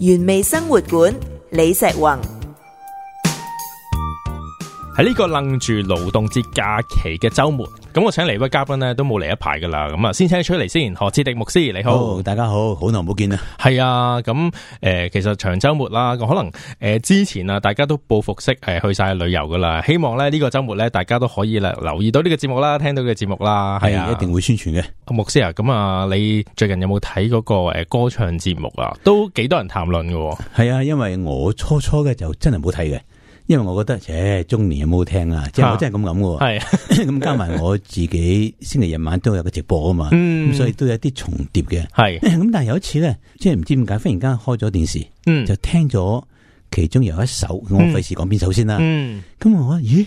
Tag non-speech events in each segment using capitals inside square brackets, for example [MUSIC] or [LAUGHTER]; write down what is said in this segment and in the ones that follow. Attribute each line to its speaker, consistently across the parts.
Speaker 1: 原味生活館，李石宏。
Speaker 2: 喺呢個楞住勞動節假期嘅周末，咁我請嚟位嘉賓咧都冇嚟一排噶啦，咁啊先請出嚟先，何志滌牧師，你好，oh, 大家好好耐冇見啊！係啊，咁、呃、誒，其實長周末啦，可能誒之前啊，大家都報復式誒去晒旅遊噶啦，希望咧呢個周末咧，大家都可以啦，留意到呢個節目啦，聽到嘅節目啦，係、啊、一
Speaker 3: 定會宣傳嘅。
Speaker 2: 牧師啊，咁啊，你最近有冇睇嗰個誒歌唱節目啊？都幾多人談論噶，係啊，因為我初初嘅就真係冇睇嘅。
Speaker 3: 因為我覺得，誒、哎，中年有冇好聽啦、啊？即係我真係咁諗嘅。係咁 [LAUGHS] 加埋我自己，星期日晚都有個直播啊嘛。咁、 [LAUGHS] 嗯、所以都有啲重疊嘅。係咁是，但係有一次咧，即係唔知點解，忽然間開咗電視，嗯、就聽咗其中有一首。我費事講邊首先啦、啊。咁、嗯嗯、我話咦，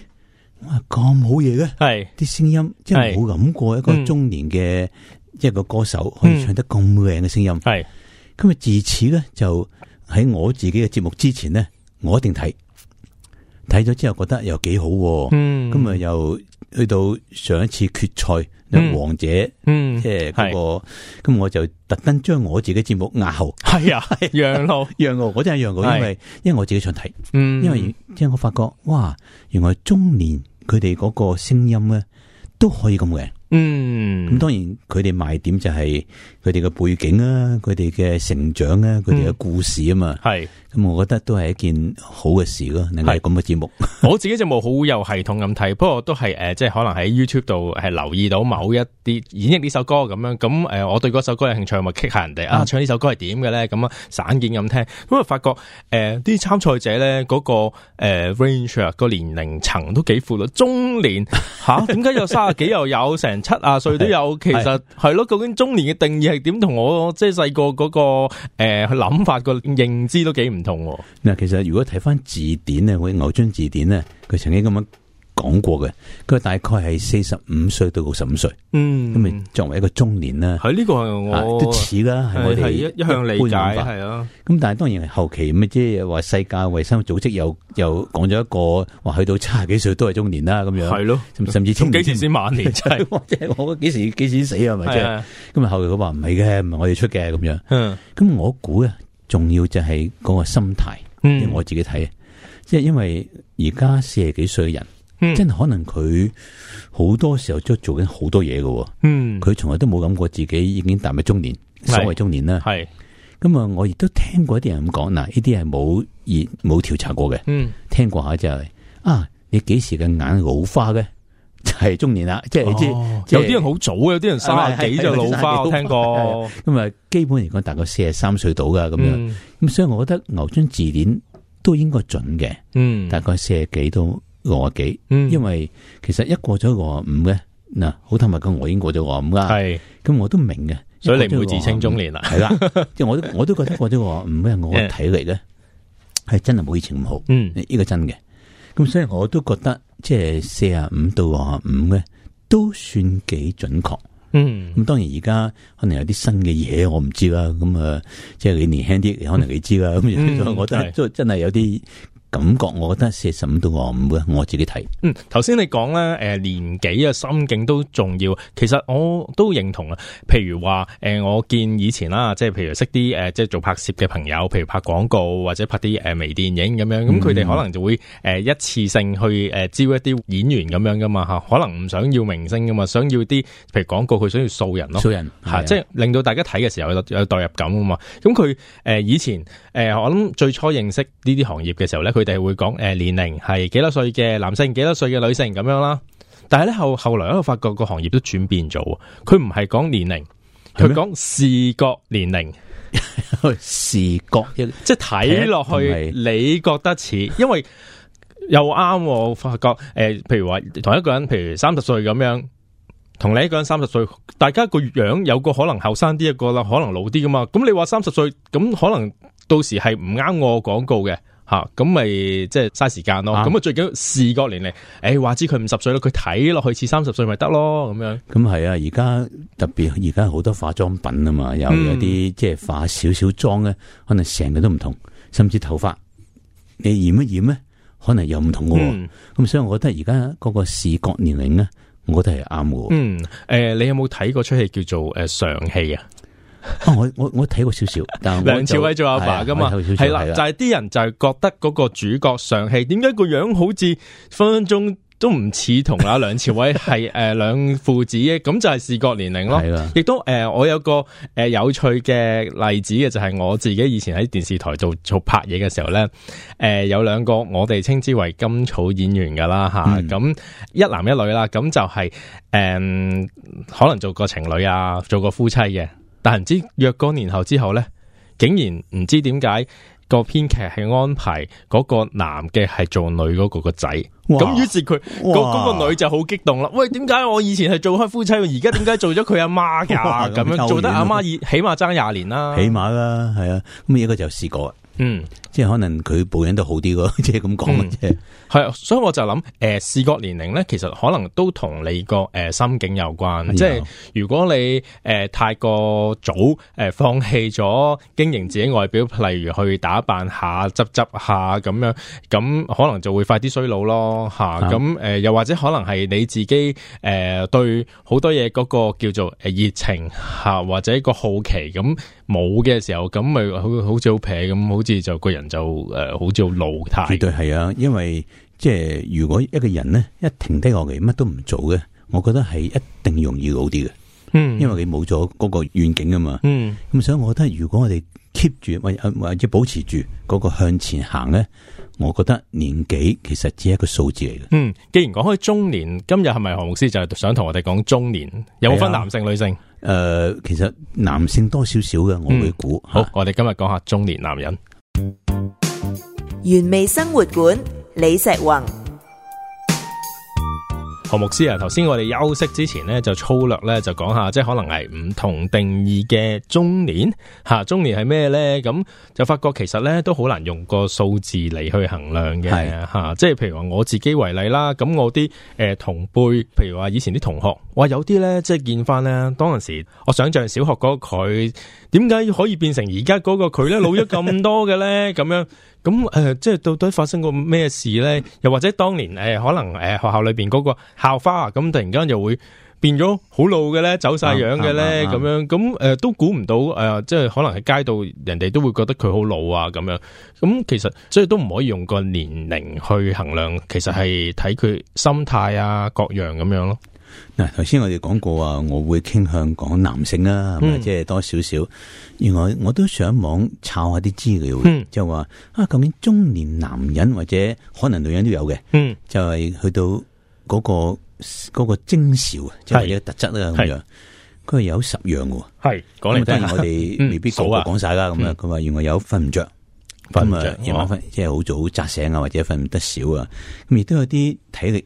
Speaker 3: 我話咁好嘢嘅。係啲是聲音，即係冇諗過一個中年嘅一個歌手可以唱得咁靚嘅聲音。係咁啊！是自此咧就喺我自己嘅節目之前咧，我一定睇。睇咗之後覺得又幾好、啊，咁啊、嗯、又去到上一次決賽，嗯、王者姐，即係嗰個，咁是我就特登將我自己節目押後，係啊，讓路讓路， [LAUGHS] 我真係讓路，是因為因為我自己想睇，嗯、因為即係我發覺，哇，原來中年佢哋嗰個聲音咧都可以咁嘅。
Speaker 4: 嗯，
Speaker 3: 咁當然佢哋賣點就係佢哋嘅背景啊，佢哋嘅成長啊，佢哋嘅故事啊嘛，係咁、嗯嗯、我覺得都係一件好嘅事咯、啊。係咁嘅節目，
Speaker 2: 我自己就冇好有系統咁睇，不過都係誒，即係可能喺 YouTube 度係留意到某一啲演繹呢首歌咁樣，咁、嗯、誒我對首歌有興趣，咪 kick 下人哋啊，唱呢首歌係點嘅咧？咁、呃那個呃、啊，散件咁聽，咁啊發覺誒，啲參賽者咧個誒 range 個年齡層都幾闊咯，中年吓，點解有卅幾又有成？ [LAUGHS] [LAUGHS] 七啊歲都有，的其實係咯，的的究竟中年嘅定義係點？同我即係細個嗰個誒去諗法個認知都幾唔同。
Speaker 3: 嗱，其實如果睇翻字典咧，我以牛津字典咧，佢曾經咁樣。講過嘅，佢大概係四十五歲到六十五歲，嗯，咁咪作為一個中年啦。喺呢個係我都似啦，係我哋一向理解係咯。咁但係當然係後期咁即係話世界衛生組織又又講咗一個話，去到七十幾歲都係中年啦，咁樣係咯。甚至中幾時先晚年啫？即係我幾時幾時死啊？咪即係？咁啊，後嚟佢話唔係嘅，唔係我哋出嘅咁樣。咁我估啊，仲要就係嗰個心態。我自己睇，即係因為而家四十幾歲嘅人。真可能佢好多時候都做緊好多嘢嘅，嗯，佢從來都冇諗過自己已經踏入中年，所謂中年啦，係，咁啊，我亦都聽過一啲人咁講，嗱，呢啲係冇而冇調查過嘅，嗯，聽過下就係啊，你幾時嘅眼老化眼老花嘅就係中年啦，即係即係有啲人好早嘅，有啲人三十幾就老花，聽過，咁啊，基本嚟講，大概四十三歲到噶咁樣，咁所以我覺得牛津字典都應該準嘅，大概四十幾都。六啊幾？因為其實一過咗六啊五咧，嗱，好坦白講，我已經過咗六啊五啦。係是，咁我都明嘅，所以你唔會自稱中年啦，係 [LAUGHS] 啦。即係我都我都覺得過咗六啊五咧，我嘅體力咧係 Yeah. 真係冇以前咁好。嗯，呢個真嘅。咁所以我都覺得即係四啊五到六啊五咧，都算幾準確。嗯。咁當然而家可能有啲新嘅嘢，我唔知啦。咁啊，即係你年輕啲，可能你知啦。咁、mm. [LAUGHS] 都，所以我覺得都真係有啲。感覺我覺得四十五到五啊，我唔會，我自己睇。
Speaker 2: 嗯，頭先你講啦，誒、呃、年紀啊、心境都重要。其實我都認同啊。譬如話，誒、呃、我見以前啦，即係譬如識啲誒，即、呃、係做拍攝嘅朋友，譬如拍廣告或者拍啲誒微電影咁樣。咁佢哋可能就會誒一次性去誒招一啲演員咁樣噶嘛吓，可能唔想要明星噶嘛，想要啲譬如廣告佢想要素人咯，人、啊、即係令到大家睇嘅時候有代入感啊嘛。咁佢誒以前誒、呃、我諗最初認識呢啲行業嘅時候咧，佢哋會講誒年齡係幾多歲嘅男性，幾多歲嘅女性咁樣啦。但係咧後後來我發覺個行業都轉變咗，佢唔係講年齡，佢講視覺年齡，視覺即係睇落去你覺得似，因為又啱我發覺誒、呃，譬如話同一個人，譬如三十歲咁樣，同你一個人三十歲，大家個樣有個可能後生啲一個啦，可能老啲噶嘛。咁你話三十歲，咁可能到時係唔啱我廣告嘅。吓，咁咪即係嘥時間咯，咁啊最緊要視覺年齡，誒、哎、話知佢五十歲咯，佢睇落去似三十歲咪得咯，咁樣。
Speaker 3: 咁係啊，而家特別而家好多化妝品啊嘛，又有啲、嗯、即係化少少妝咧，可能成日都唔同，甚至頭髮你染一染咧，可能又唔同嘅。咁、嗯、所以我覺得而家嗰個視覺年齡咧，我覺得係啱
Speaker 2: 嘅。嗯，誒、呃，你有冇睇過出戲叫做戲《誒上戲》啊？
Speaker 3: 我我我睇過少少，梁朝偉做阿爸噶嘛，係啦，就係
Speaker 2: 啲人就係覺得嗰個主角上戲，點解個樣好似分分鐘都唔似同阿梁朝偉係誒兩父子嘅，咁就係視覺年齡咯。亦都誒，我有個誒有趣嘅例子嘅，就係我自己以前喺電視台做做拍嘢嘅時候咧，誒有兩個我哋稱之為甘草演員噶啦吓，咁一男一女啦，咁就係誒可能做過情侶啊，做過夫妻嘅。但係唔知約個年後之後咧，竟然唔知點解個編劇係安排嗰個男嘅係做女嗰個個仔，咁於哇是佢嗰嗰個女就好激動啦。喂，點解我以前係做開夫妻，而家點解做咗佢阿媽㗎？咁樣做得阿媽起碼爭廿年啦，起碼啦，係啊。咁一個就試過，嗯。即係可能佢保養都好啲咯，即係咁講啫。係、嗯，啊，所以我就諗，誒、呃，視覺年齡咧，其實可能都同你個誒、呃、心境有關。的即係如果你誒、呃、太過早誒放棄咗經營自己外表，例如去打扮下、執執下咁樣，咁可能就會快啲衰老咯。吓、啊，咁誒、呃、又或者可能係你自己誒、呃、對好多嘢、嗰個叫做誒熱情吓、啊，或者個好奇咁冇嘅時候，咁咪好好似好平咁，好似就個人。就誒，好似老態，絕對係啊！因為
Speaker 3: 即係如果一個人呢，一停低落嚟，乜都唔做嘅，我覺得係一定容易老啲嘅。嗯，因為你冇咗嗰個願景啊嘛。嗯，咁所以我覺得如果我哋 keep 住，或者保持住嗰個向前行咧，我覺得年紀
Speaker 2: 其實只係一個數字嚟嘅。嗯，既然講開中年，今日係咪何牧師就係想同我哋講中年？有冇分男性、啊、女性？誒、呃，其實男性多少少嘅，我會估、嗯。好，嗯、好我哋今日講下中年男人。
Speaker 1: 原味生活館李石宏
Speaker 2: 何牧師啊，頭先我哋休息之前呢，就粗略咧就講下，即係可能係唔同定義嘅中年吓、啊，中年係咩呢？咁就發覺其實呢，都好難用個數字嚟去衡量嘅吓是、啊，即係譬如話我自己為例啦，咁我啲誒、呃、同輩，譬如話以前啲同學。哇！有啲咧，即係見翻咧，當陣時我想象小學嗰個佢，點解可以變成而家嗰個佢咧，老咗咁多嘅咧？咁 [LAUGHS] 樣咁誒、呃，即係到底發生過咩事咧？又或者當年誒、呃，可能誒、呃、學校裏邊嗰個校花啊，咁、嗯、突然間又會變咗好老嘅咧，走晒樣嘅咧，咁、嗯嗯嗯、樣咁誒、呃，都估唔到誒、呃，即係可能喺街度人哋都會覺得佢好老啊，咁樣咁其實所以都唔可以用個年齡去衡量，其實係睇佢心態啊各樣咁樣咯。嗱，頭先我哋講
Speaker 3: 過啊，我會傾向講男性啦，即係多少少。原來我都上網抄下啲資料，就話啊，究竟中年男人或者可能女人都有嘅，就係去到嗰個嗰個徵兆啊，即係一個特質啊咁樣。佢係有十樣嘅，係講我哋未必全部講晒啦。咁啊，佢話原來有瞓唔着，瞓唔着，夜晚瞓即係好早扎醒啊，或者瞓唔得少啊，咁亦都有啲體力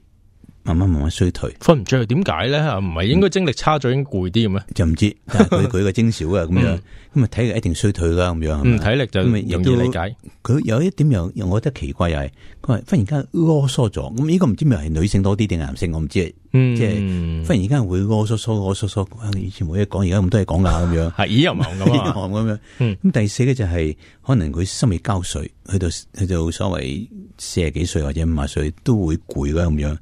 Speaker 3: 慢慢慢慢衰退，瞓唔着啊？點解咧？唔係應該精力差咗，應該攰啲咁咩？就唔知，佢佢個精少啊咁樣，咁啊體力一定衰退啦咁樣。唔、嗯、吧體力就容易理解。佢有一點有又我覺得奇怪又係，佢忽然間囉嗦咗。咁、這、呢個唔知係女性多啲定男性，我唔知。嗯，即係忽然間會囉嗦嗦囉嗦嗦，以前冇嘢講，而家咁多嘢講啦咁樣。係咦，又唔咁咁樣。咁第四咧就係、是、可能佢心力交瘁，去到去到，去到所謂四十幾歲或者五十歲都會攰啦咁樣。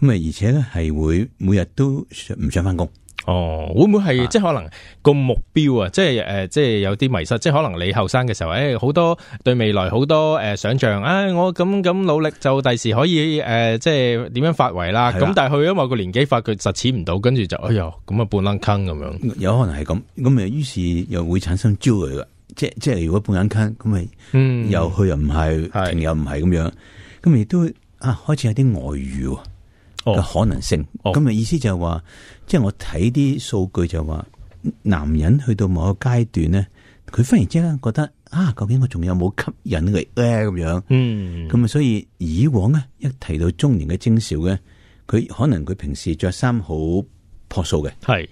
Speaker 3: 咁啊，而且咧係會每日都唔想翻
Speaker 2: 工？哦，會唔會係即係可能個目標啊？即係誒，即係有啲迷失。即係可能你後生嘅時候，誒，好多對未來好多誒想象。誒，我咁咁努力，就第時可以誒，即係點樣發圍啦？咁但係去到某個年紀，發覺實踐唔到，跟住就哎喲，
Speaker 3: 咁啊半愣坑咁樣。有可能係咁，咁啊，於是，又會產生焦慮噶。即係即係如果半愣坑，咁咪又去又唔係，又唔係咁樣，咁亦都啊，開始有啲外遇。嘅可能性，咁嘅、oh. oh. 意思就係話，即、就、係、是、我睇啲數據就話，男人去到某個階段咧，佢忽然之間覺得啊，究竟我仲有冇吸引力咧？咁、呃、樣，mm. 嗯，咁啊，所以以往咧，一提到中年嘅徵兆咧，佢可能佢平時着衫好樸素嘅，係是，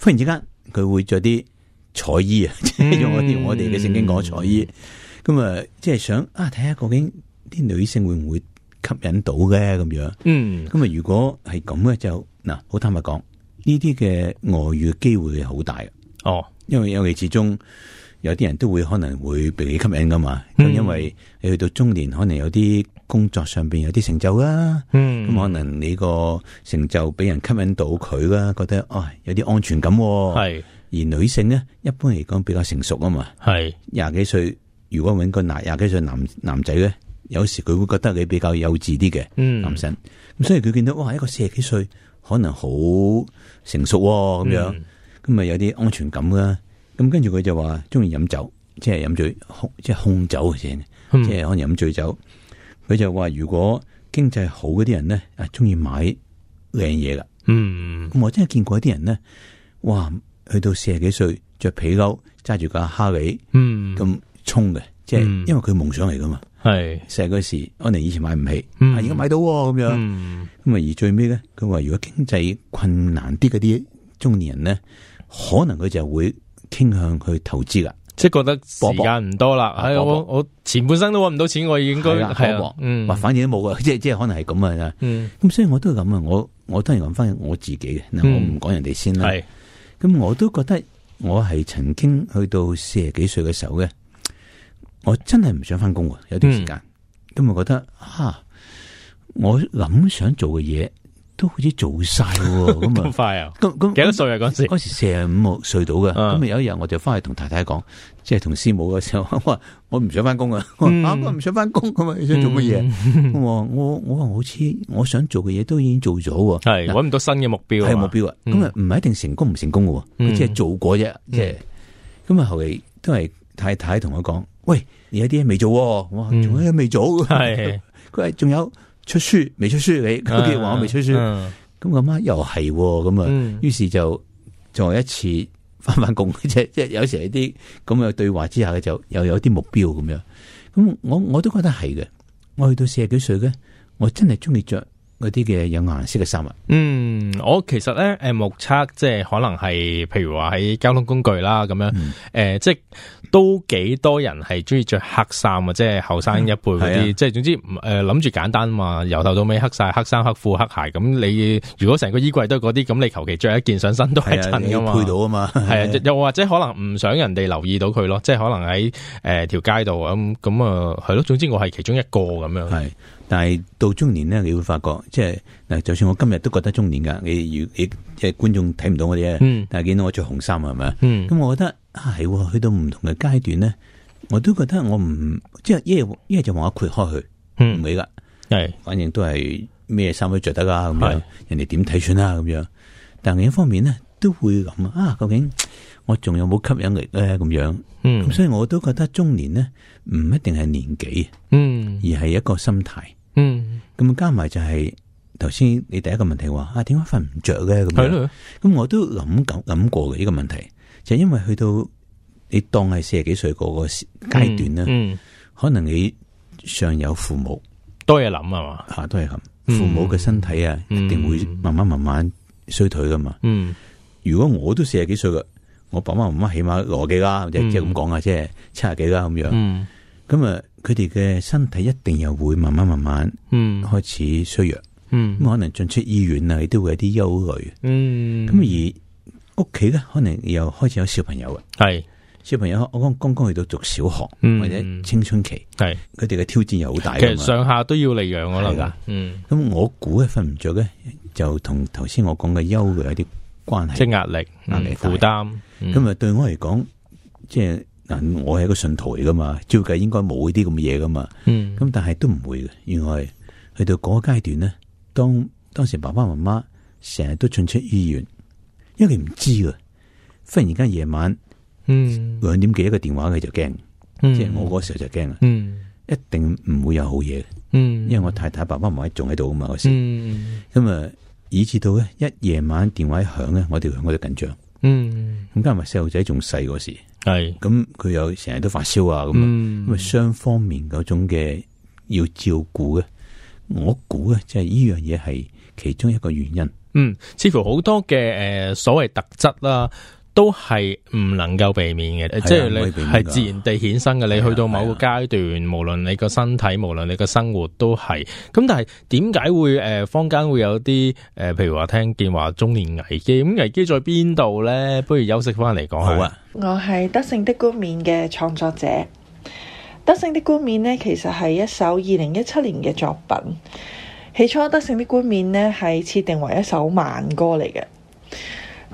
Speaker 3: 忽然之間佢會着啲彩衣 [LAUGHS] 我啊，即係用我哋嘅聖經講彩衣，咁啊，即係想啊，睇下究竟啲女性會唔會？吸引到嘅咁樣，嗯，咁啊，如果係咁咧，就嗱，好坦白講，呢啲嘅外遇嘅機會好大，哦，因為因為始終有啲人都會可能會被你吸引噶嘛，咁、嗯、因為你去到中年，可能有啲工作上面有啲成就啦、啊，嗯，咁可能你個成就俾人吸引到佢啦，覺得哦、哎、有啲安全感、啊，係是，而女性咧一般嚟講比較成熟啊嘛，係廿是幾歲，如果揾個男廿幾歲男男仔咧。有時佢會覺得你比較幼稚啲嘅，男生咁，嗯、所以佢見到哇一個四十幾歲，可能好成熟咁、啊、樣，咁咪、嗯、有啲安全感啦、啊。咁跟住佢就話中意飲酒，即係飲醉，即係酗酒嘅啫，即係、嗯、可能飲醉酒。佢就話如果經濟好嗰啲人咧，啊中意買靚嘢㗎。嗯，我真係見過啲人咧，哇，去到四十幾歲着皮褸，揸住架哈利，沖嗯，咁衝嘅，即係因為佢夢想嚟噶嘛。係成日嗰時，安妮以前買唔起，而家買到咁樣。咁啊，而最尾咧，佢話如果經濟困難啲嗰啲中年人咧，可能佢就會傾向去投資啦，
Speaker 2: 即係覺得時間唔多啦。我我前半生都搵唔到錢，我應該係啊，嗯，或反而都冇嘅，即係
Speaker 3: 即係可能係咁啊。咁所以我都係咁啊。我我當然講返我自己嘅，我唔講人哋先啦。咁我都覺得我係曾經去到四十幾歲嘅時候嘅。我真係唔想翻工，有段時間，咁我覺得吓我諗想做嘅嘢都好似做晒咁啊，咁快啊！咁咁幾多歲啊？嗰時嗰時四五十歲到噶。咁啊有一日我就翻去同太太講，即係同師母嘅時候，我話我唔想翻工啊，我話唔想翻工咁啊，你想做乜嘢？我話我好似我想做嘅嘢都已經做咗，係搵唔
Speaker 2: 到新嘅目標係目標啊！咁啊唔係
Speaker 3: 一定成功唔成功嘅，你只係做過啫，即係咁啊。後嚟都係太太同我講。喂，而家啲嘢未做、哦，我仲有嘢未做、哦，係佢係仲有出書未出書，你佢哋話我未出書，咁我阿媽又係，咁啊，於、啊是，哦、是就再一次翻翻工，嗯、即係即係有時喺啲咁嘅對話之下，就又有啲目標咁樣，咁我我都覺得係嘅，我去到四十幾歲嘅，我真係中意着。嗰啲嘅有顏色嘅衫啊，嗯，
Speaker 2: 我其實咧，誒，目測即係可能係，譬如話喺交通工具啦，咁樣，誒，即係都幾多人係中意着黑衫啊，即係後生一輩嗰啲，即係總之，誒，諗住簡單啊嘛，由頭到尾黑晒，黑衫、黑褲、黑鞋，咁你如果成個衣櫃都係嗰啲，咁你求其着一件上身都係襯噶嘛，配到啊嘛，係啊，又或者可能唔想人哋留意到佢咯，即係可能喺誒條街度咁咁啊，係咯，總之我係其中一個咁樣，係。但係到
Speaker 3: 中年咧，你會發覺，即係嗱，就算我今日都覺得中年噶，你要你即係觀眾睇唔到我哋咧，但係見到我着紅衫啊，係咪啊？咁我覺得啊係去到唔同嘅階段咧，我都覺得我唔即係一一係就話我豁開去，唔會噶，係，反正都係咩衫都着得㗎，咁樣，人哋點睇算啦，咁樣。但另一方面咧，都會諗啊，究竟我仲有冇吸引力咧？咁樣，咁所以我都覺得中年咧，唔一定係年紀，嗯，而係一個心態。嗯，咁加埋就係頭先你第一個問題話啊，點解瞓唔着嘅？咁樣，咁我都諗諗諗過嘅呢個問題，就因為去到你當係四十幾歲嗰個階段咧，可能你上有父母，多嘢諗啊嘛，吓都係咁，父母嘅身體啊，一定會慢慢慢慢衰退噶嘛。如果我都四十幾歲嘅，我爸爸媽媽起碼羅幾啦，即係咁講啊，即係七十幾啦咁樣。咁啊，佢哋嘅身體一定又會慢慢慢慢，嗯，開始衰弱，嗯，咁可能進出醫院啊，亦都會有啲憂慮，嗯，
Speaker 4: 咁而
Speaker 3: 屋企咧，可能又開始有小朋友啊，係小朋友，我剛剛剛去到讀小學或者青春期，係佢哋嘅挑戰又好大，其實上
Speaker 2: 下都要嚟養噶啦，嗯，
Speaker 3: 咁我估咧瞓唔着咧，就同頭先我講嘅憂慮有啲關係，即
Speaker 2: 係壓力、壓力、負擔，
Speaker 3: 咁啊，對我嚟講，即係。嗱，嗯、我係一個信徒嚟噶嘛，照計應該冇呢啲咁嘅嘢噶嘛。咁、嗯、但係都唔會嘅，原來去到嗰個階段咧，當當時爸爸媽媽成日都進出醫院，因為佢唔知㗎。忽然間夜晚，嗯，兩點幾一個電話佢就驚，即係我嗰時候就驚啦。嗯，嗯一定唔會有好嘢。嗯，因為我太太爸爸媽媽仲喺度啊嘛嗰時。咁啊、嗯嗯嗯，以至到咧一夜晚電話響咧，我哋我就緊張。嗯。咁因為細路仔仲細嗰時。係，咁佢又成日都發燒啊，咁啊雙方面嗰種嘅要照顧嘅，我估啊,即係呢樣嘢係其中一個原因。嗯，
Speaker 2: 似乎好多嘅誒所謂特質啦。都係唔能夠避免嘅，的即係你係自然地衍生嘅。的你去到某個階段，的無論你個身體，的無論你個生活，都係咁。但係點解會誒，坊間會有啲誒，譬如話聽見話中年危機，咁危機在邊度呢？不如休息翻嚟講的好啊。
Speaker 1: 我係《德勝的冠冕》嘅創作者，《德勝的冠冕》呢，其實係一首二零一七年嘅作品。起初，《德勝的冠冕》呢係設定為一首慢歌嚟嘅。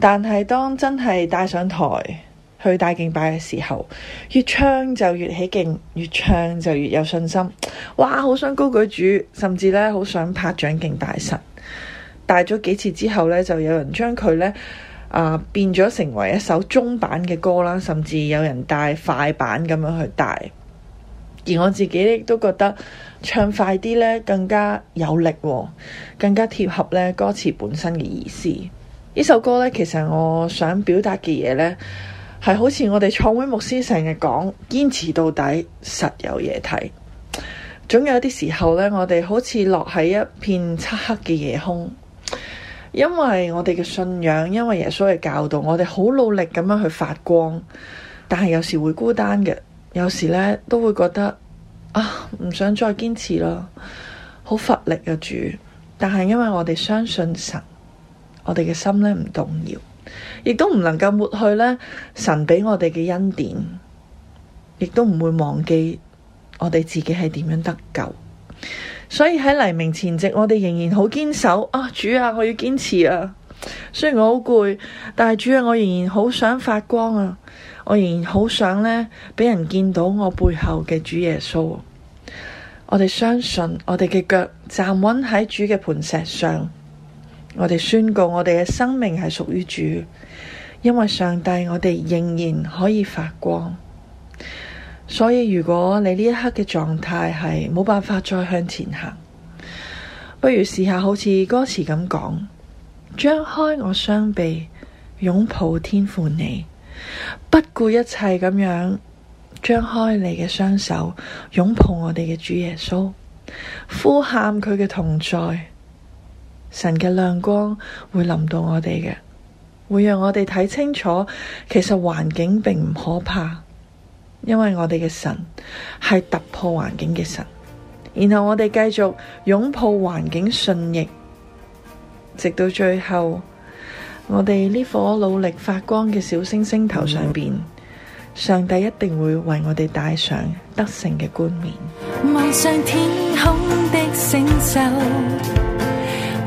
Speaker 1: 但係當真係帶上台去帶敬拜嘅時候，越唱就越起勁，越唱就越有信心。哇，好想高舉主，甚至咧好想拍掌敬大神。帶咗幾次之後咧，就有人將佢咧啊變咗成為一首中版嘅歌啦，甚至有人帶快版咁樣去帶。而我自己亦都覺得唱快啲咧更加有力，哦，更加貼合咧歌詞本身嘅意思。呢首歌呢，其實我想表達嘅嘢呢，係好似我哋創會牧師成日講，堅持到底，實有嘢睇。總有一啲時候呢，我哋好似落喺一片漆黑嘅夜空，因為我哋嘅信仰，因為耶穌嘅教導，我哋好努力咁樣去發光，但係有時會孤單嘅，有時呢都會覺得啊，唔想再堅持咯，好乏力嘅主。但係因為我哋相信神。我哋嘅心咧唔動搖，亦都唔能夠抹去咧神畀我哋嘅恩典，亦都唔會忘記我哋自己係點樣得救。所以喺黎明前夕，我哋仍然好堅守啊！主啊，我要堅持啊！雖然我好攰，但係主啊，我仍然好想發光啊！我仍然好想咧俾人見到我背後嘅主耶穌啊。我哋相信，我哋嘅腳站穩喺主嘅磐石上。我哋宣告，我哋嘅生命係屬於主，因為上帝，我哋仍然可以發光。所以，如果你呢一刻嘅狀態係冇辦法再向前行，不如試下好似歌詞咁講，張開我雙臂，擁抱天父你，不顧一切咁樣，張開你嘅雙手，擁抱我哋嘅主耶穌，呼喊佢嘅同在。神嘅亮光會臨到我哋嘅，會讓我哋睇清楚，其實環境並唔可怕，因為我哋嘅神係突破環境嘅神。然後我哋繼續擁抱環境順逆，直到最後，我哋呢顆努力發光嘅小星星頭上面，嗯、上帝一定會為我哋戴上得勝嘅冠冕。望上天空的星宿。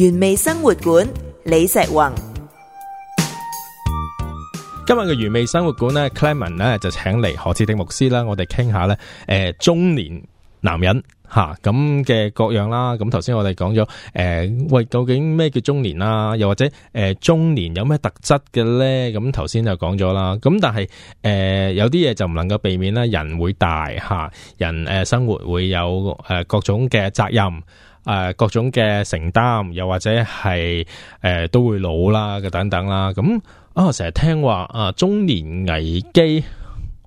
Speaker 1: 原味生活館李石宏，
Speaker 2: 今日嘅原味生活館咧，Clement 咧就請嚟何志滌牧師啦，我哋傾下咧，誒、呃、中年男人吓咁嘅各樣啦，咁頭先我哋講咗，誒、呃、喂，究竟咩叫中年啦、啊？又或者誒、呃、中年有咩特質嘅咧？咁頭先就講咗啦，咁、啊、但係誒、呃、有啲嘢就唔能夠避免啦，人會大吓、啊，人誒、呃、生活會有誒各種嘅責任。誒，各種嘅承擔，又或者係誒、呃、都會老啦嘅等等啦。咁、嗯、啊，成、哦、日聽話啊，中年危機，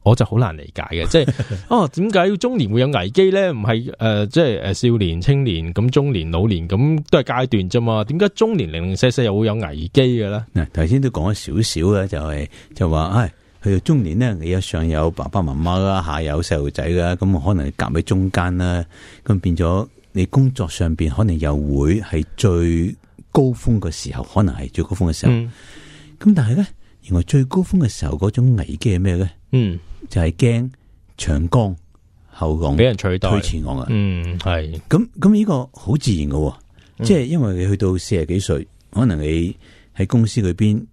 Speaker 2: 我就好難理解嘅。即係啊，點解中年會有危機咧？唔係誒，即係誒，少年、青年咁，中年、老年咁，都係階段啫嘛。點解中年零零舍舍又會有危機嘅咧？嗱，頭先都講咗少少嘅，就係就話，唉、哎，去到中年呢，你一上有爸爸媽
Speaker 3: 媽啦，下有細路仔啦，咁可能夾喺中間啦，咁變咗。你工作上邊可能又會係最高峰嘅時候，可能係最高峰嘅時候。
Speaker 5: 咁、嗯、但係
Speaker 3: 咧，原來最高峰嘅時候嗰種危機係咩咧？
Speaker 5: 嗯，
Speaker 3: 就係驚長江後浪俾人取代推前浪啊！嗯，係。咁咁呢個好自然嘅、哦，嗯、即係因為你去到四十幾歲，可能你喺公司裏邊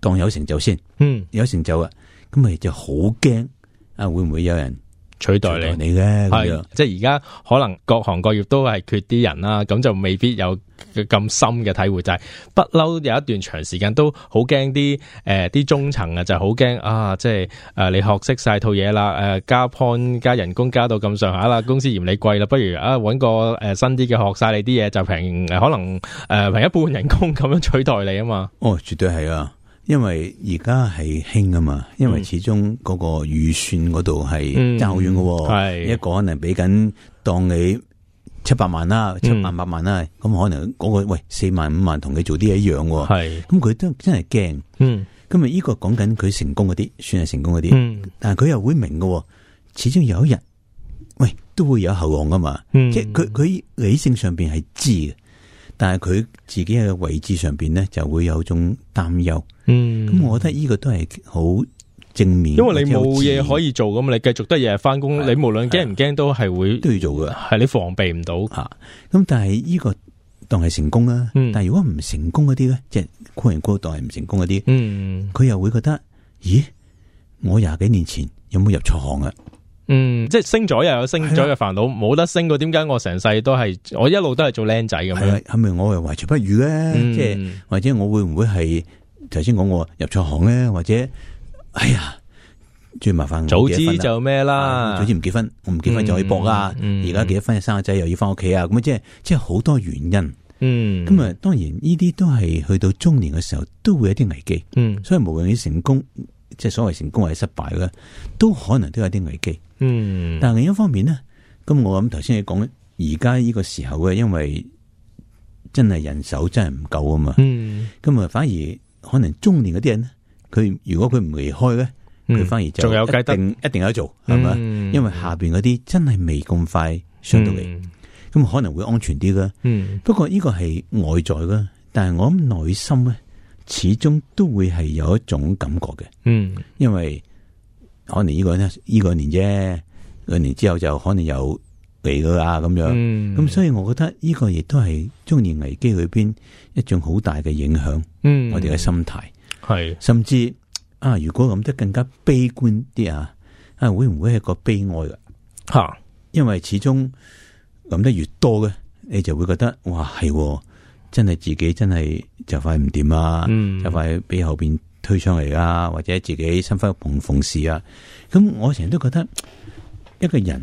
Speaker 3: 當有成就先，嗯，有成就啊，咁咪就好驚啊，會唔會有人？取代你嘅。係，
Speaker 2: 即係而家可能各行各業都係缺啲人啦，咁就未必有咁深嘅體會，就係不嬲有一段長時間都好驚啲誒，啲中層啊，就好驚啊，即係誒、啊，你學識晒套嘢啦，誒，加 pay 加人工加到咁上下啦，公司嫌你貴啦，不如啊揾個誒新啲嘅學晒你啲嘢就平，可能誒平、呃、一半人工咁樣取代你啊嘛。
Speaker 3: 哦，絕對係啊。因為而家係興啊嘛，因為始終嗰個預算嗰度係爭好遠噶、哦，嗯、一個可能畀緊當你七百萬啦、嗯、七萬八萬啦，咁可能嗰、嗰個喂四萬五萬同你做啲嘢一樣、哦，係咁佢真真係驚，咁啊呢個講緊佢成功嗰啲，算係成功嗰啲，嗯、但係佢又會明噶、哦，始終有一日喂都會有後浪噶嘛，嗯、即係佢佢理性上邊係知嘅。但係佢自己嘅位置上邊咧，就會有種擔憂。嗯，咁我覺得呢個都係好正面。因為你冇嘢
Speaker 2: 可以做，咁、嗯、你繼續得日日返工，的你無論驚唔驚都係會都要做㗎。係你防備唔到吓。
Speaker 3: 咁但係呢個當係成功啦。但係如果唔成功嗰啲咧，嗯、即係沽完沽，當係唔成功嗰啲，嗯，佢又會覺得，咦，我廿幾年前有冇入錯行
Speaker 2: 啊？嗯，即係升咗又有升咗嘅煩惱，冇、哎、呀得升嘅，點解我成世都係我一路都係做靚仔咁樣？
Speaker 3: 係咪、啊、我又懷才不遇咧？嗯、即係或者我會唔會係頭先講我入錯行咧？或者哎呀最麻煩早知就
Speaker 2: 咩啦？早知
Speaker 3: 唔結婚，我唔結婚就可以搏啊！而家結咗婚又生個仔，又要翻屋企啊！咁即係即係好多原因。嗯，咁啊，當然呢啲都係去到中年嘅時候都會有啲危機。嗯，所以無論你成功。即係所謂成功或者失敗咧，都可能都有啲危機。嗯，但係另一方面咧，咁我諗頭先你講咧，而家呢個時候嘅，因為真係人手真係唔夠啊嘛。嗯，咁啊反而可能中年嗰啲人咧，佢如果佢唔離開咧，
Speaker 1: 佢、嗯、反而就仲有計得，
Speaker 3: 一定有得做係咪？嗯、因為下邊嗰啲真係未咁快上到嚟，咁、嗯嗯、可能會安全啲噶。嗯、不過呢個係外在噶，但係我諗內心咧。內心 內 始終都會係有一種感覺嘅，嗯，因為可能呢、這個呢、這個年啫，兩年之後就可能有嚟噶啦咁樣，咁、嗯、所以我覺得呢個亦都係中年危機裏邊一種好大嘅影響，嗯，我哋嘅心態係，甚至啊，如果諗得更加悲觀啲啊，啊會唔會係個悲哀噶吓？哈因為始終諗得越多嘅，你就會覺得哇係喎。真係自己真係就快唔掂啊！就、嗯、快俾後邊推上嚟啊，或者自己身分碰碰事啊！咁我成日都覺得一個人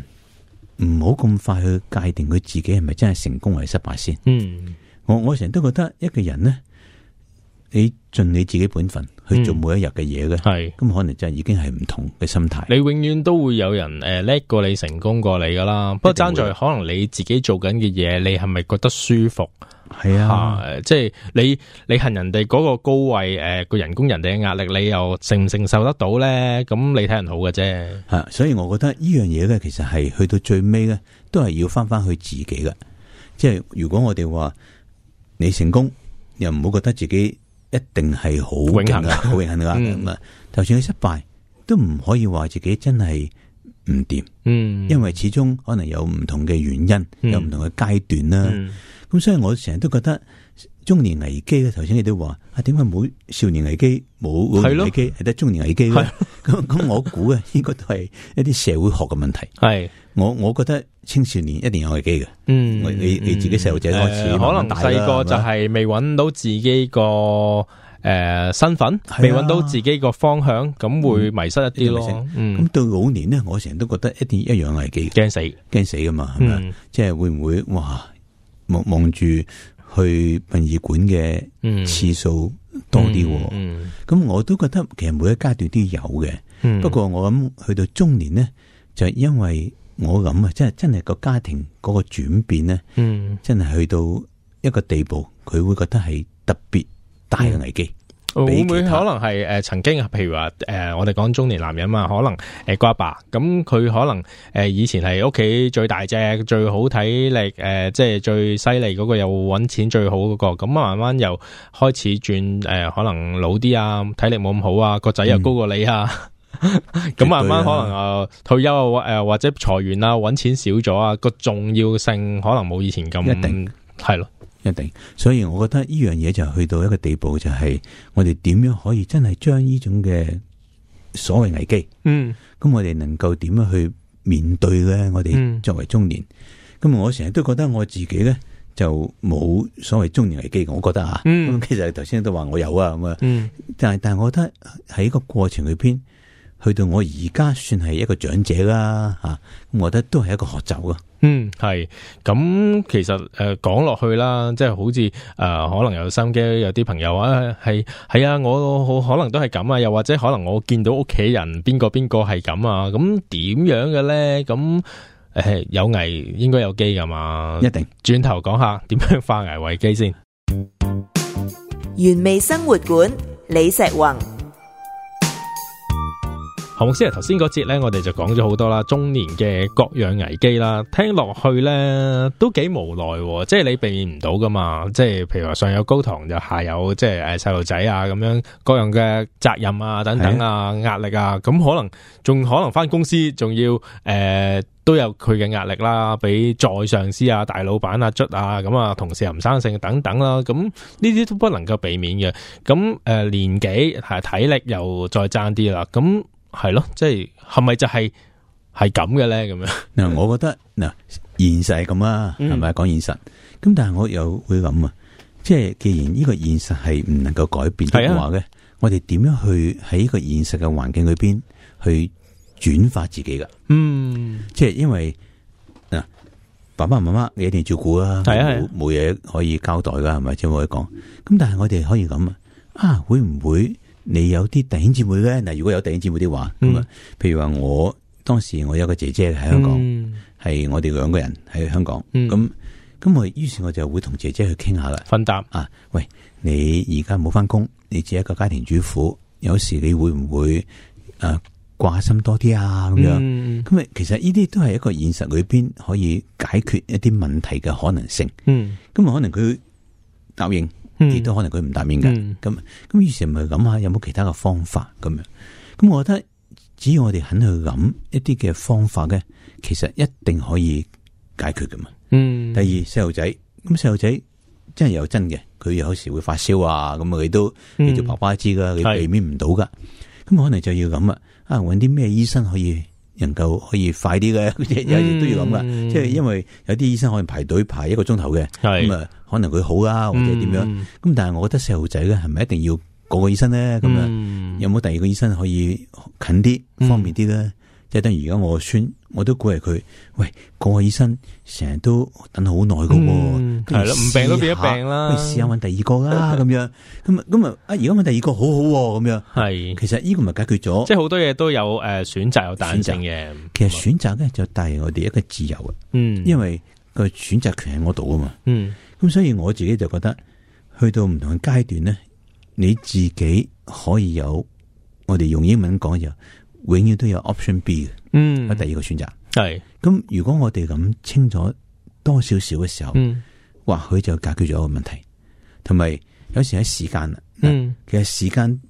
Speaker 3: 唔好咁快去界定佢自己係咪真係成功或失敗先。嗯，我我成日都覺得一個人咧，你盡你自己本分去做每一日嘅嘢咧，係咁、嗯、可能真係已經係唔同嘅心態。
Speaker 2: 你永遠都會有人誒叻、呃、過你成功過你噶啦，不過爭在可能你自己做緊嘅嘢，你係咪覺得舒服？係啊，啊，即係你你恨人哋嗰個高位誒個、呃、人工人，人哋嘅壓力你又承唔承受得到咧？咁你睇人好嘅啫，吓、啊，所以
Speaker 3: 我覺得呢樣嘢咧，其實係去到最尾咧，都係要翻翻去自己嘅。即係如果我哋話你成功，又唔好覺得自己一定係好永恆嘅，好永恆嘅，就算佢失敗，都唔可以話自己真係唔掂。嗯，因為始終可能有唔同嘅原因，有唔同嘅階段啦。嗯嗯咁所以，我成日都覺得中年危機嘅。頭先你都話，啊，點解冇少年危機，冇危機，係得中年危機咧？咁咁，我估嘅應該都係一啲社會學嘅問題。係我，我覺得青少年一定有危機嘅。嗯，你你自己細路仔開始，可能細個就係
Speaker 2: 未揾到自己個誒身份，未揾到自己個方向，咁會迷失一啲咯。咁
Speaker 3: 到老年呢，我成日都覺得一定一樣危機，驚死，驚死噶嘛，係咪？即係會唔會哇？望望住去殯儀館嘅次數多啲，哦，咁，嗯
Speaker 4: 嗯
Speaker 3: 嗯，我都覺得其實每一階段都有嘅。嗯，不過我諗去到中年咧，就係因為我諗啊，真係真係個家庭嗰個轉變咧，嗯，真係去到一個地步，佢會覺得係特別大嘅危機。嗯嗯嗯
Speaker 4: 會唔
Speaker 2: 會可能係誒曾經，譬如話誒、呃、我哋講中年男人嘛，可能誒、呃、瓜爸咁，佢可能誒、呃、以前係屋企最大隻、最好體力誒、呃，即係最犀利嗰個，又搵錢最好嗰、嗰個，咁慢慢又開始轉誒、呃，可能老啲啊，體力冇咁好啊，個仔又高過你啊，咁慢慢可能啊、呃、退休誒、呃、或者裁員啊，搵錢少咗啊，個重要性可能冇以前咁，一定係咯。
Speaker 3: 一定，所以我覺得呢樣嘢就去到一個地步，就係我哋點樣可以真係將呢種嘅所謂危機，嗯，咁我哋能夠點樣去面對咧？我哋作為中年，咁、嗯、我成日都覺得我自己咧就冇所謂中年危機，我覺得啊，嗯，咁其實頭先都話我有啊，咁啊，嗯，但係但係我覺得喺個過程裏邊，去到我而家算係一個長者
Speaker 2: 啦，吓、啊，我覺得都係一個學習啊。嗯，係咁、嗯，其實誒講落去啦，即係好似誒、呃，可能有心機，有啲朋友啊，係係啊，我好可能都係咁啊，又或者可能我見到屋企人邊個邊個係咁啊，咁點樣嘅咧？咁、嗯、誒、嗯呃、有危應該有機噶嘛？一定。轉頭講下點樣化危為機先。
Speaker 1: 原味生活館李石宏。
Speaker 2: 洪師頭先嗰節咧，我哋就講咗好多啦，中年嘅各樣危機啦，聽落去咧都幾無奈，啊，即係你避免唔到噶嘛，即係譬如話上有高堂，又下有即係誒細路仔啊，咁樣各樣嘅責任啊，等等啊，壓力啊，咁、嗯、可能仲可能翻公司，仲要誒、呃、都有佢嘅壓力啦，俾再上司啊、大老闆啊、卒啊，咁啊同事又唔生性等等啦、啊，咁呢啲都不能夠避免嘅，咁、嗯、誒、呃、年紀係體力又再爭啲啦，咁、嗯。嗯係咯，即係係咪就係係咁嘅咧？咁
Speaker 3: 樣嗱， [LAUGHS] 我覺得嗱，現實係咁啊，係咪講現實？咁、嗯、但係我又會諗啊，即係既然呢個現實係唔能夠改變嘅話嘅，是啊、我哋點樣去喺呢個現實嘅環境裏邊去轉化自己噶？嗯，即係因為嗱，爸爸媽媽你一定要照顧啊，冇冇嘢可以交代噶，係咪即先？我講，咁但係我哋可以咁啊，會唔會？你有啲弟兄姊妹咧，嗱，如果有弟兄姊妹啲話，咁啊、嗯，譬如話我當時我有個姐姐喺香港，係、嗯、我哋兩個人喺香港，咁咁我，於是我就會同姐姐去傾下啦，分擔答啊，喂，你而家冇返工，你只係一個家庭主婦，有時你會唔會誒、呃、掛心多啲啊咁樣？咁啊、嗯，其實呢啲都係一個現實裏邊可以解決一啲問題嘅可能性。咁啊、嗯，可能佢答應。亦都可能佢唔答應嘅，咁咁以前咪諗下有冇其他嘅方法咁樣，咁我覺得只要我哋肯去諗一啲嘅方法嘅，其實一定可以解決噶嘛。嗯，第二細路仔，咁細路仔真係有真嘅，佢有時會發燒啊，咁啊都，你做爸爸知噶，你避免唔到噶，咁、嗯、可能就要咁啊，啊揾啲咩醫生可以？能夠可以快啲嘅 [LAUGHS] 有有嘢都要諗噶，嗯、即係因為有啲醫生可能排隊排一個鐘頭嘅，咁啊是、嗯嗯、可能佢好啦、啊、或者點樣，咁但係我覺得細路仔咧係咪一定要個個醫生咧咁啊？嗯、樣有冇第二個醫生可以近啲、嗯、方便啲咧？嗯、即係等於而家我孫。我都估係佢，喂，掛號醫生成日都等好耐嘅喎，係啦、嗯，唔病都變咗病啦，試下搵第二個啦，咁 [LAUGHS] 樣，咁啊咁啊，啊，如果搵第二個好好喎、啊，咁樣，係是，其實呢個咪解決咗，即
Speaker 2: 係好多嘢都有誒選擇，有彈性嘅。
Speaker 3: 其實選擇咧就帶嚟我哋一個自由啊，嗯，因為個選擇權喺我度啊嘛，嗯，咁所以我自己就覺得，去到唔同嘅階段咧，你自己可以有，我哋用英文講就永遠都有 option B 嘅。嗯，第二個選擇，係咁。如果我哋諗清楚多少少嘅時候，或許，mm. 就解決咗一個問題。同埋有，有時喺時間，其實時間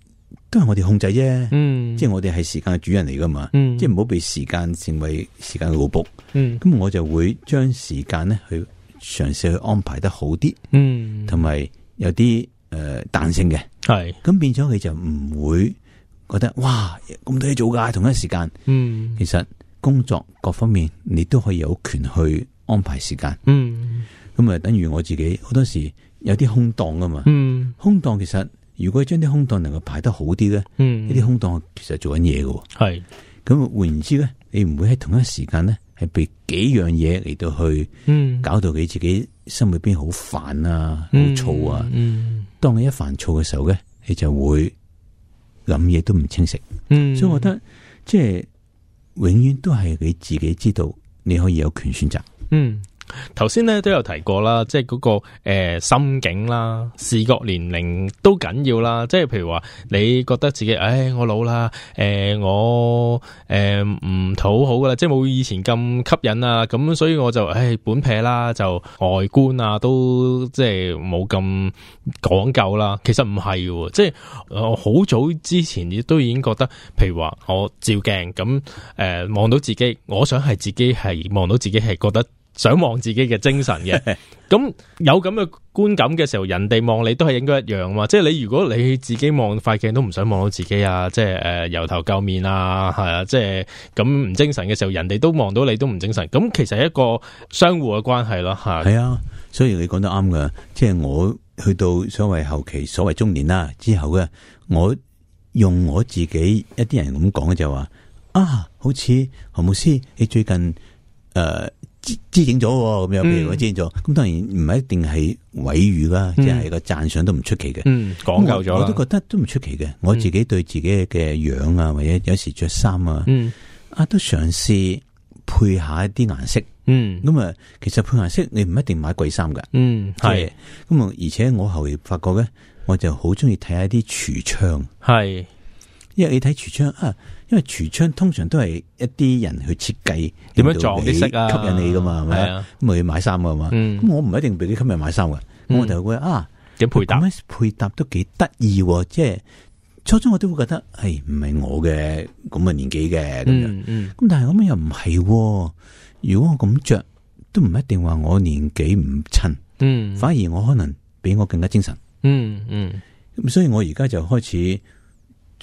Speaker 3: 都係我哋控制啫，mm. 即係我哋係時間嘅主人嚟噶嘛。Mm. 即係唔好被時間成為時間嘅奴僕。咁，mm. 我就會將時間咧去嘗試去安排得好啲，同埋，mm. 有啲誒彈性嘅。係咁，mm. 變咗，佢就唔會。覺得哇咁多嘢做噶同一時間，嗯，其實工作各方面你都可以有權去安排時間，嗯，咁啊等於我自己好多時有啲空檔啊嘛，嗯，空檔其實如果將啲空檔能夠排得好啲咧，嗯，呢啲空檔其實做緊嘢嘅，係是，咁換言之咧，你唔會喺同一時間咧係畀幾樣嘢嚟到去，嗯，搞到你自己心裏邊好煩啊，好躁啊，嗯，當你一煩躁嘅時候咧，你就會。諗嘢都唔清晰，嗯、所以我覺得即係、就是、永遠都係你自己知道，你可以有權選擇。嗯。
Speaker 2: 頭先咧都有提過啦，即係嗰，那個誒、呃、心境啦，視覺年齡都緊要啦。即係譬如話，你覺得自己唉、哎，我老啦，誒、哎，我誒唔、哎、討好噶啦，即係冇以前咁吸引啊。咁所以我就唉、哎，本撇啦，就外觀啊都即係冇咁講究啦。其實唔係嘅，即係我好早之前亦都已經覺得，譬如話我照鏡咁誒、望，呃、到自己，我想係自己係望到自己係覺得。想望自己嘅精神嘅，咁有咁嘅觀感嘅時候，人哋望你都係應該一樣啊嘛！即係你如果你自己望塊鏡都唔想望到自己啊，即係誒、呃、油頭垢面啊，係啊！即係咁唔精神嘅時候，人哋都望到你都唔精神。咁其實係一個相互嘅關係咯，係係 [NOISE] 啊。所以你
Speaker 3: 講得啱㗎，即係我去到所謂後期、所謂中年啦之後嘅，我用我自己一啲人咁講嘅就話啊，好似何牧師，你最近誒。呃支整咗咁樣，譬如我支影咗，咁、嗯、當然唔係一定係毀譽啦，即係、嗯、個讚賞都唔出奇嘅。講夠咗我都覺得都唔出奇嘅。我自己對自己嘅樣啊，或者有時着衫啊，嗯、啊都嘗試配一下一啲顏色。嗯，咁啊，其實配顏色你唔一定買貴衫噶。嗯，係。咁啊、就是，而且我後嚟發覺咧，我就好中意睇一啲櫥窗。係。因為你睇櫥窗啊，因為櫥窗通常都係一啲人去設計，點樣撞啲色啊，吸引你噶嘛，係咪？咁咪去買衫噶嘛。咁、嗯嗯嗯、我唔一定俾你今日買衫啊。咁我就會覺得啊點配搭？嗯、配搭都幾得意，即係初中我都會覺得，誒唔係我嘅咁嘅年紀嘅咁樣。咁、嗯嗯、但係咁又唔係，如果我咁着，都唔一定話我年紀唔襯。嗯、反而我可能比我更加精神。
Speaker 4: 咁、
Speaker 3: 嗯嗯、所以我而家就開始。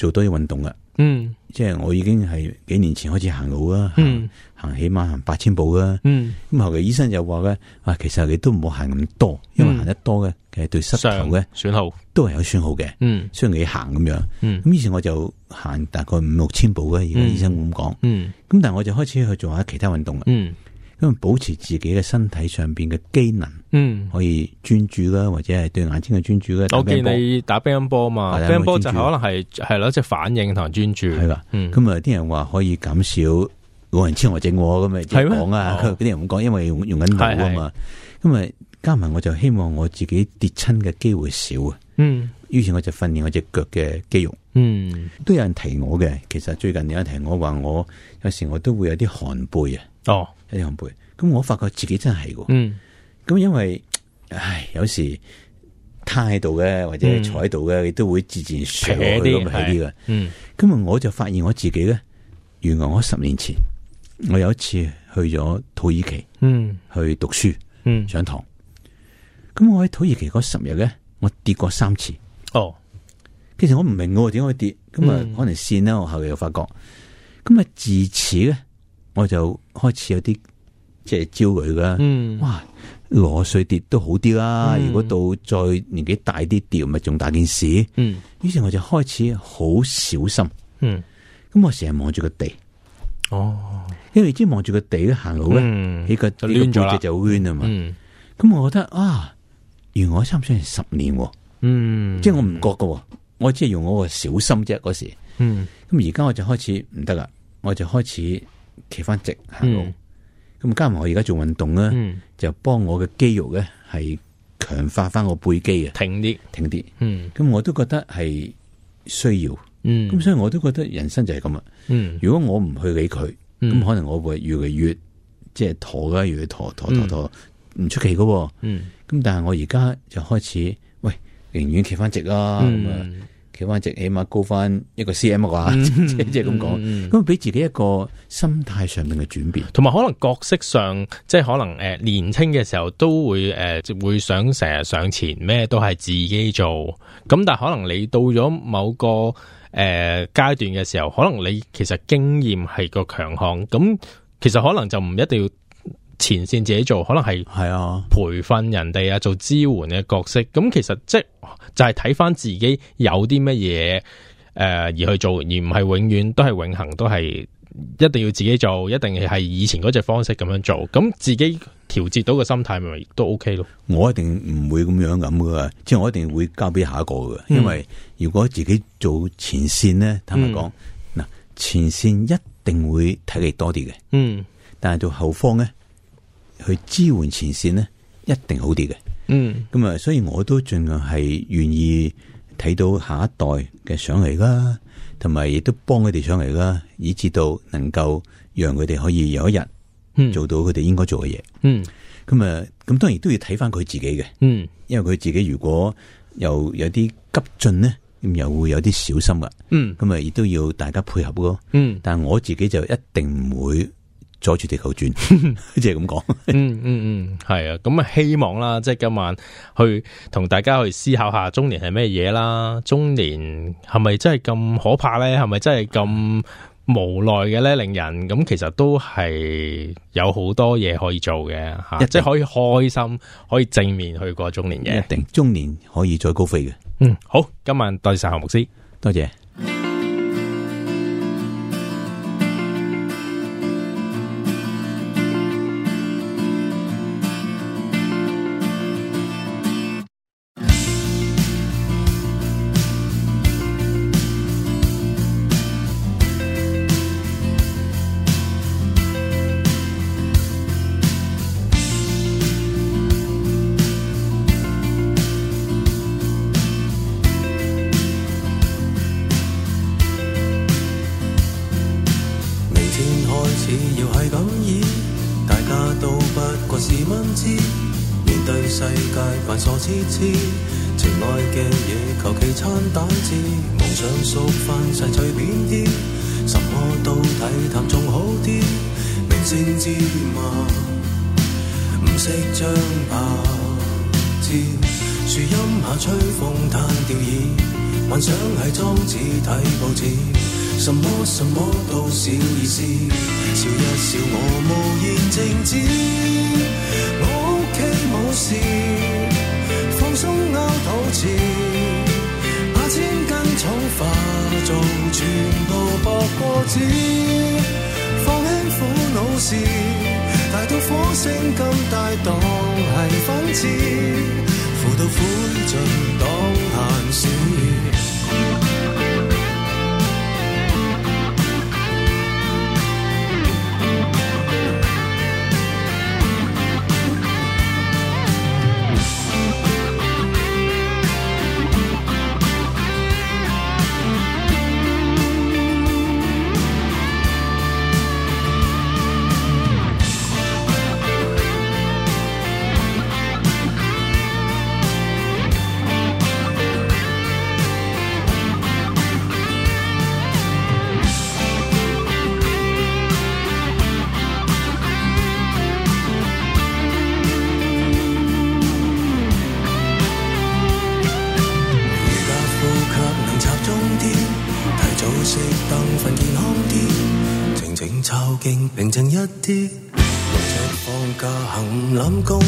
Speaker 3: 做多啲運動啦，嗯，即係我已經係幾年前開始行路、嗯、行路啦，行起碼行八千步啦，嗯，咁後來醫生就話咧，啊，其實你都唔好行咁多，因為行得多嘅，其實對膝頭嘅損耗都係有損耗嘅，嗯，雖然你行咁樣，嗯，咁以前我就行大概五六千步嘅，而家醫生咁講，嗯，咁但係我就開始去做下其他運動啦，嗯。因為保持自己嘅身體上邊嘅機能，嗯，可以專注啦，或者係對眼睛嘅專注啦。我見你
Speaker 2: 打乒乓波嘛，乒乓波就可能係係
Speaker 3: 咯，即係反應同專注係啦。咁、嗯、啊，啲人話可以減少老人痴呆症喎，咁咪點講啊？佢啲人咁講，因為用用緊腦啊嘛。咁啊，加埋我就希望我自己跌親嘅機會少啊。
Speaker 4: 嗯，
Speaker 3: 於是我就訓練我隻腳嘅肌肉。嗯，都有人提我嘅，其實最近有人提我話我有時我都會有啲寒背啊。哦。一樣背，咁、嗯、我發覺自己真係嘅、啊，咁、嗯、因為唉，有時攤喺度嘅或者坐喺度嘅，亦都會漸漸斜啲嘅，嗯，咁啊，我就發現我自己咧，原來我十年前我有一次去咗土耳其，嗯，去讀書，嗯嗯、上堂，咁我喺土耳其嗰十日咧，我跌過三次，哦，其實我唔明我點解會跌，咁啊，可能線咧，我後嚟又發覺，咁啊，自此咧。我就開始有啲即係焦慮㗎，哇！攞稅跌都好啲啦，如果到再年紀大啲跌咪仲大件事。於是我就開始好小心，咁我成日望住個地。哦，因為即係望住個地行路咧，起個啲背脊就彎啊嘛。咁我覺得啊，原來我差唔多十年，嗯，
Speaker 4: 即係我
Speaker 3: 唔覺噶，我只係用我個小心啫嗰時。嗯，咁而家我就開始唔得啦，我就開始。企翻直行路，咁加埋我而家做運動咧，就幫我嘅肌肉咧係強化翻個背肌啊，停啲，停啲，嗯，咁我都覺得係需要，嗯，咁所以我都覺得人生就係咁啊，嗯，如果我唔去理佢，咁可能我會越嚟越即係陀噶，越嚟越陀，陀，陀，陀，唔出奇噶，嗯，咁但係我而家就開始喂，寧願企翻直啊，咁啊。起碼
Speaker 2: 高翻一個 CM 啩，即係即係咁講，
Speaker 3: 咁俾自己一個心態上面嘅
Speaker 2: 轉變，同埋可能角色上，即係可能誒、呃、年輕嘅時候都會誒、呃、會想成日上前咩都係自己做，咁但係可能你到咗某個誒階、呃、段嘅時候，可能你其實經驗係個強項，咁其實可能就唔一定要。前線自己做，可能係係啊，培訓人哋啊，做支援嘅角色。咁其實即係就係睇翻自己有啲乜嘢誒而去做，而唔係永遠都係永恒都係一定要自己做，一定係以前嗰隻方式咁樣做。咁自己調節到個心態咪都 OK 咯。
Speaker 3: 我一定唔會咁樣咁噶，即係我一定會交俾下一個嘅。因為如果自己做前線呢，嗯、坦白講，嗱，前線一定會體力多啲嘅。嗯，但係到後方呢。去支援前線呢，一定好啲嘅。嗯，咁啊、嗯，所以我都盡量係願意睇到下一代嘅上嚟啦，同埋亦都幫佢哋上嚟啦，以至到能夠讓佢哋可以有一日做到佢哋應該做嘅嘢、嗯。嗯，咁啊，咁當然都要睇返佢自己嘅。嗯，嗯，因為佢自己如果又有啲急進呢，咁又會有啲小心噶、嗯嗯嗯。嗯，咁啊，亦都要大家配合咯。嗯，但係我自己就一定唔會。
Speaker 2: 阻住地球轉，即係咁講。嗯嗯嗯，係啊。咁啊，希望啦，即係今晚去同大家去思考下中年係咩嘢啦。中年係咪真係咁可怕咧？係咪真係咁無奈嘅咧？令人咁其實都係有好多嘢可以做嘅吓，一定，即係可以開心，可以正面去過中年嘅。一定，
Speaker 3: 中年可以再高飛嘅。嗯，
Speaker 2: 好，今晚多謝晒何牧師，多謝。
Speaker 5: 情愛嘅嘢，求其餐，蛋 [NOISE] 治樂，夢想縮番細，隨便啲，什麼都睇淡，仲好啲。明星字嘛，唔識張白紙，樹蔭下吹風，嘆吊椅，幻想係莊子睇報紙，什麼什麼都小意思，笑一笑，我無言靜止，我屋企冇事。把千斤重化做全部薄過紙，放輕苦惱事，大到火星咁大當係諷刺，扶到灰燼當閒事。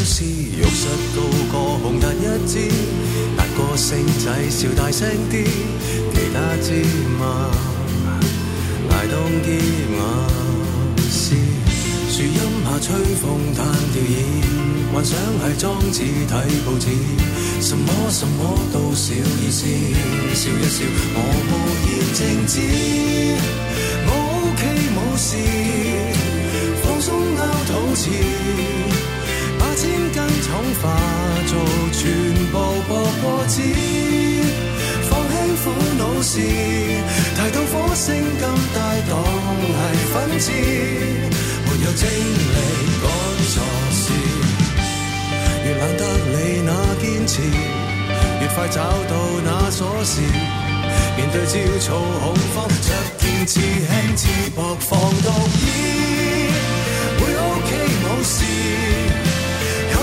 Speaker 5: 是玉樹高歌，紅燭一枝，但歌星仔笑大聲啲，其他字崖捱當耳屎。樹蔭下吹風，攤條椅，幻想係裝紙睇報紙，什麼什麼都小意思。笑一笑，我無言靜止，我 OK 冇事，放鬆拗肚臍。千斤重化做全部薄薄紙，放輕苦惱事，提到火星咁大，當係粉刺，沒有精力幹錯事。越懶得理那堅持，越快找到那鎖匙。面對焦躁恐慌，着件輕輕薄薄防毒衣，會 OK 冇事。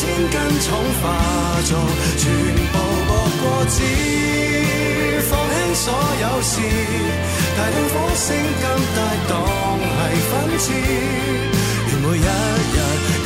Speaker 5: 千斤重化作全部薄過紙，放輕所有事，大到火星，更大，當係粉刺。願每一日。